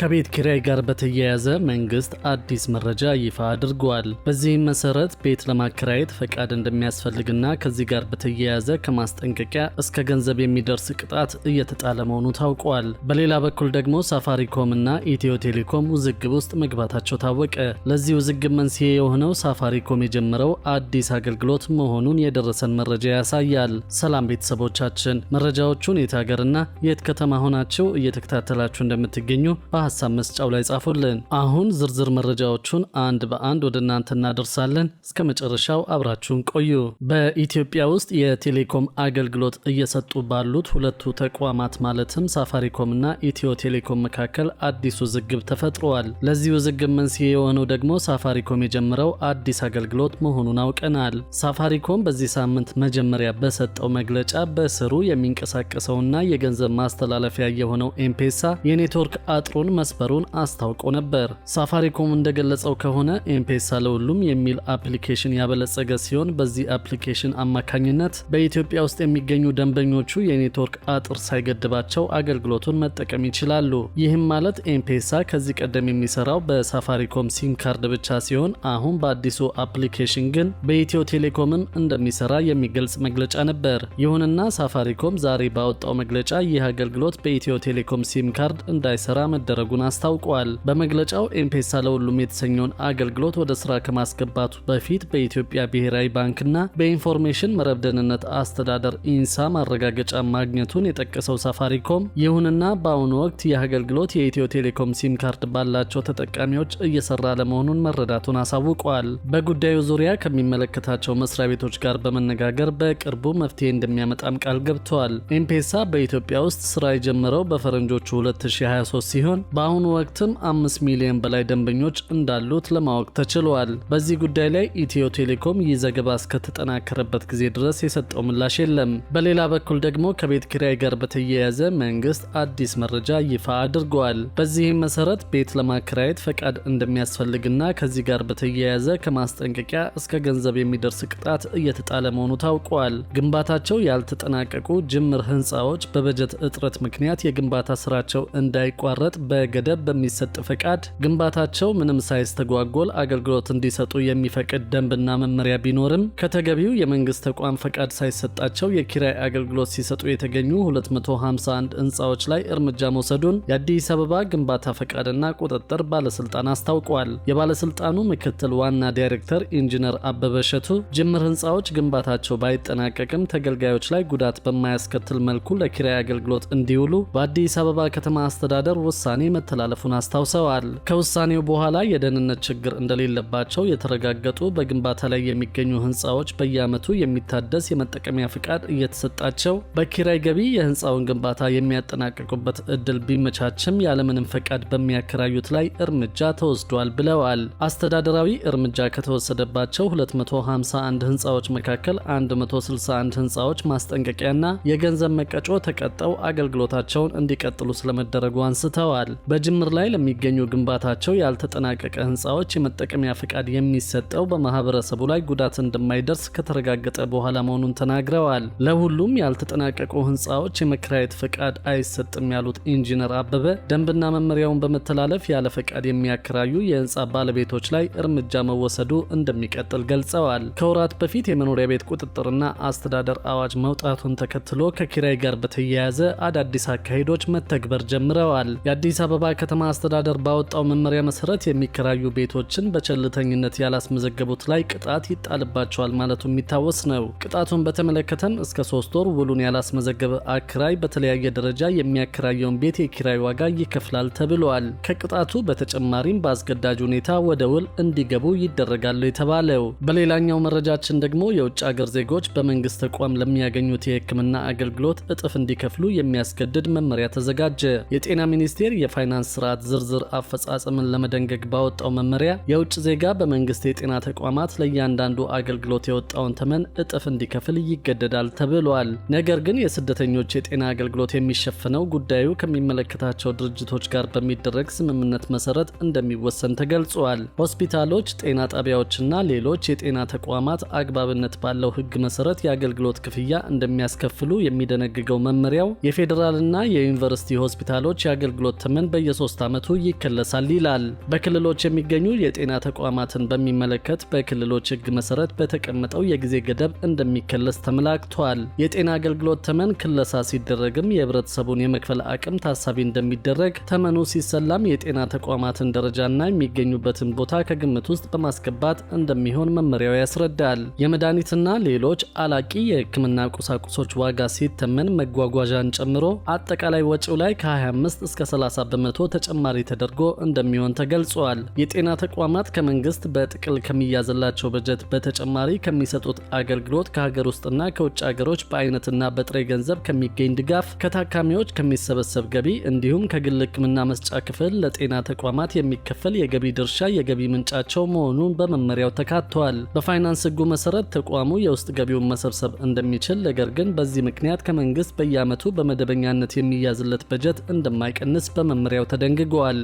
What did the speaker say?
ከቤት ኪራይ ጋር በተያያዘ መንግስት አዲስ መረጃ ይፋ አድርጓል። በዚህም መሰረት ቤት ለማከራየት ፈቃድ እንደሚያስፈልግና ከዚህ ጋር በተያያዘ ከማስጠንቀቂያ እስከ ገንዘብ የሚደርስ ቅጣት እየተጣለ መሆኑ ታውቋል። በሌላ በኩል ደግሞ ሳፋሪኮም እና ኢትዮ ቴሌኮም ውዝግብ ውስጥ መግባታቸው ታወቀ። ለዚህ ውዝግብ መንስኤ የሆነው ሳፋሪኮም የጀመረው አዲስ አገልግሎት መሆኑን የደረሰን መረጃ ያሳያል። ሰላም ቤተሰቦቻችን፣ መረጃዎቹን የት ሀገርና የት ከተማ ሆናችሁ እየተከታተላችሁ እንደምትገኙ ሀሳብ መስጫው ላይ ጻፉልን። አሁን ዝርዝር መረጃዎቹን አንድ በአንድ ወደ እናንተ እናደርሳለን። እስከ መጨረሻው አብራችሁን ቆዩ። በኢትዮጵያ ውስጥ የቴሌኮም አገልግሎት እየሰጡ ባሉት ሁለቱ ተቋማት ማለትም ሳፋሪኮም እና ኢትዮ ቴሌኮም መካከል አዲስ ውዝግብ ተፈጥሯል። ለዚህ ውዝግብ መንስኤ የሆነው ደግሞ ሳፋሪኮም የጀመረው አዲስ አገልግሎት መሆኑን አውቀናል። ሳፋሪኮም በዚህ ሳምንት መጀመሪያ በሰጠው መግለጫ በስሩ የሚንቀሳቀሰውና የገንዘብ ማስተላለፊያ የሆነው ኤምፔሳ የኔትወርክ አጥሩን መስፈሩን አስታውቆ ነበር። ሳፋሪኮም እንደገለጸው ከሆነ ኤምፔሳ ለሁሉም የሚል አፕሊኬሽን ያበለጸገ ሲሆን በዚህ አፕሊኬሽን አማካኝነት በኢትዮጵያ ውስጥ የሚገኙ ደንበኞቹ የኔትወርክ አጥር ሳይገድባቸው አገልግሎቱን መጠቀም ይችላሉ። ይህም ማለት ኤምፔሳ ከዚህ ቀደም የሚሰራው በሳፋሪኮም ሲም ካርድ ብቻ ሲሆን አሁን በአዲሱ አፕሊኬሽን ግን በኢትዮ ቴሌኮምም እንደሚሰራ የሚገልጽ መግለጫ ነበር። ይሁንና ሳፋሪኮም ዛሬ ባወጣው መግለጫ ይህ አገልግሎት በኢትዮ ቴሌኮም ሲም ካርድ እንዳይሰራ መደረጉ ማድረጉን አስታውቋል። በመግለጫው ኤምፔሳ ለሁሉም የተሰኘውን አገልግሎት ወደ ስራ ከማስገባቱ በፊት በኢትዮጵያ ብሔራዊ ባንክና በኢንፎርሜሽን መረብ ደህንነት አስተዳደር ኢንሳ ማረጋገጫ ማግኘቱን የጠቀሰው ሳፋሪኮም ይሁንና በአሁኑ ወቅት ይህ አገልግሎት የኢትዮ ቴሌኮም ሲም ካርድ ባላቸው ተጠቃሚዎች እየሰራ ለመሆኑን መረዳቱን አሳውቋል። በጉዳዩ ዙሪያ ከሚመለከታቸው መስሪያ ቤቶች ጋር በመነጋገር በቅርቡ መፍትሄ እንደሚያመጣም ቃል ገብተዋል። ኤምፔሳ በኢትዮጵያ ውስጥ ስራ የጀመረው በፈረንጆቹ 2023 ሲሆን በአሁኑ ወቅትም አምስት ሚሊዮን በላይ ደንበኞች እንዳሉት ለማወቅ ተችሏል። በዚህ ጉዳይ ላይ ኢትዮ ቴሌኮም ይህ ዘገባ እስከተጠናከረበት ጊዜ ድረስ የሰጠው ምላሽ የለም። በሌላ በኩል ደግሞ ከቤት ኪራይ ጋር በተያያዘ መንግስት አዲስ መረጃ ይፋ አድርጓል። በዚህም መሰረት ቤት ለማከራየት ፈቃድ እንደሚያስፈልግና ከዚህ ጋር በተያያዘ ከማስጠንቀቂያ እስከ ገንዘብ የሚደርስ ቅጣት እየተጣለ መሆኑ ታውቋል። ግንባታቸው ያልተጠናቀቁ ጅምር ህንፃዎች በበጀት እጥረት ምክንያት የግንባታ ስራቸው እንዳይቋረጥ በ ገደብ በሚሰጥ ፈቃድ ግንባታቸው ምንም ሳይስተጓጎል አገልግሎት እንዲሰጡ የሚፈቅድ ደንብና መመሪያ ቢኖርም ከተገቢው የመንግስት ተቋም ፈቃድ ሳይሰጣቸው የኪራይ አገልግሎት ሲሰጡ የተገኙ 251 ህንፃዎች ላይ እርምጃ መውሰዱን የአዲስ አበባ ግንባታ ፈቃድና ቁጥጥር ባለስልጣን አስታውቋል። የባለስልጣኑ ምክትል ዋና ዳይሬክተር ኢንጂነር አበበ ሸቱ ጅምር ህንፃዎች ግንባታቸው ባይጠናቀቅም ተገልጋዮች ላይ ጉዳት በማያስከትል መልኩ ለኪራይ አገልግሎት እንዲውሉ በአዲስ አበባ ከተማ አስተዳደር ውሳኔ መተላለፉን አስታውሰዋል። ከውሳኔው በኋላ የደህንነት ችግር እንደሌለባቸው የተረጋገጡ በግንባታ ላይ የሚገኙ ህንፃዎች በየዓመቱ የሚታደስ የመጠቀሚያ ፍቃድ እየተሰጣቸው በኪራይ ገቢ የህንፃውን ግንባታ የሚያጠናቀቁበት እድል ቢመቻችም ያለምንም ፈቃድ በሚያከራዩት ላይ እርምጃ ተወስዷል ብለዋል። አስተዳደራዊ እርምጃ ከተወሰደባቸው 251 ህንፃዎች መካከል 161 ህንፃዎች ማስጠንቀቂያና የገንዘብ መቀጮ ተቀጠው አገልግሎታቸውን እንዲቀጥሉ ስለመደረጉ አንስተዋል። በጅምር ላይ ለሚገኙ ግንባታቸው ያልተጠናቀቀ ህንፃዎች የመጠቀሚያ ፈቃድ የሚሰጠው በማህበረሰቡ ላይ ጉዳት እንደማይደርስ ከተረጋገጠ በኋላ መሆኑን ተናግረዋል። ለሁሉም ያልተጠናቀቁ ህንፃዎች የመከራየት ፈቃድ አይሰጥም ያሉት ኢንጂነር አበበ ደንብና መመሪያውን በመተላለፍ ያለ ፈቃድ የሚያከራዩ የህንፃ ባለቤቶች ላይ እርምጃ መወሰዱ እንደሚቀጥል ገልጸዋል። ከወራት በፊት የመኖሪያ ቤት ቁጥጥርና አስተዳደር አዋጅ መውጣቱን ተከትሎ ከኪራይ ጋር በተያያዘ አዳዲስ አካሄዶች መተግበር ጀምረዋል። የአዲስ አበባ ከተማ አስተዳደር ባወጣው መመሪያ መሰረት የሚከራዩ ቤቶችን በቸልተኝነት ያላስመዘገቡት ላይ ቅጣት ይጣልባቸዋል ማለቱ የሚታወስ ነው። ቅጣቱን በተመለከተም እስከ ሶስት ወር ውሉን ያላስመዘገበ አክራይ በተለያየ ደረጃ የሚያከራየውን ቤት የኪራይ ዋጋ ይከፍላል ተብሏል። ከቅጣቱ በተጨማሪም በአስገዳጅ ሁኔታ ወደ ውል እንዲገቡ ይደረጋሉ የተባለው። በሌላኛው መረጃችን ደግሞ የውጭ አገር ዜጎች በመንግስት ተቋም ለሚያገኙት የሕክምና አገልግሎት እጥፍ እንዲከፍሉ የሚያስገድድ መመሪያ ተዘጋጀ። የጤና ሚኒስቴር የፋይናንስ ስርዓት ዝርዝር አፈጻጸምን ለመደንገግ ባወጣው መመሪያ የውጭ ዜጋ በመንግስት የጤና ተቋማት ለእያንዳንዱ አገልግሎት የወጣውን ተመን እጥፍ እንዲከፍል ይገደዳል ተብሏል። ነገር ግን የስደተኞች የጤና አገልግሎት የሚሸፍነው ጉዳዩ ከሚመለከታቸው ድርጅቶች ጋር በሚደረግ ስምምነት መሰረት እንደሚወሰን ተገልጿል። ሆስፒታሎች፣ ጤና ጣቢያዎችና ሌሎች የጤና ተቋማት አግባብነት ባለው ሕግ መሰረት የአገልግሎት ክፍያ እንደሚያስከፍሉ የሚደነግገው መመሪያው የፌዴራልና የዩኒቨርሲቲ ሆስፒታሎች የአገልግሎት ተመን በየሶስት ዓመቱ ይከለሳል ይላል። በክልሎች የሚገኙ የጤና ተቋማትን በሚመለከት በክልሎች ሕግ መሰረት በተቀመጠው የጊዜ ገደብ እንደሚከለስ ተመላክቷል። የጤና አገልግሎት ተመን ክለሳ ሲደረግም የህብረተሰቡን የመክፈል አቅም ታሳቢ እንደሚደረግ፣ ተመኑ ሲሰላም የጤና ተቋማትን ደረጃና የሚገኙበትን ቦታ ከግምት ውስጥ በማስገባት እንደሚሆን መመሪያው ያስረዳል። የመድኃኒትና ሌሎች አላቂ የህክምና ቁሳቁሶች ዋጋ ሲተመን መጓጓዣን ጨምሮ አጠቃላይ ወጪው ላይ ከ25 እስከ 30 በመቶ ተጨማሪ ተደርጎ እንደሚሆን ተገልጿል። የጤና ተቋማት ከመንግስት በጥቅል ከሚያዝላቸው በጀት በተጨማሪ ከሚሰጡት አገልግሎት ከሀገር ውስጥና ከውጭ ሀገሮች በአይነትና በጥሬ ገንዘብ ከሚገኝ ድጋፍ ከታካሚዎች ከሚሰበሰብ ገቢ እንዲሁም ከግል ሕክምና መስጫ ክፍል ለጤና ተቋማት የሚከፈል የገቢ ድርሻ የገቢ ምንጫቸው መሆኑን በመመሪያው ተካቷል። በፋይናንስ ህጉ መሰረት ተቋሙ የውስጥ ገቢውን መሰብሰብ እንደሚችል፣ ነገር ግን በዚህ ምክንያት ከመንግስት በየዓመቱ በመደበኛነት የሚያዝለት በጀት እንደማይቀንስ በመመሪያው መመሪያው ተደንግጓል።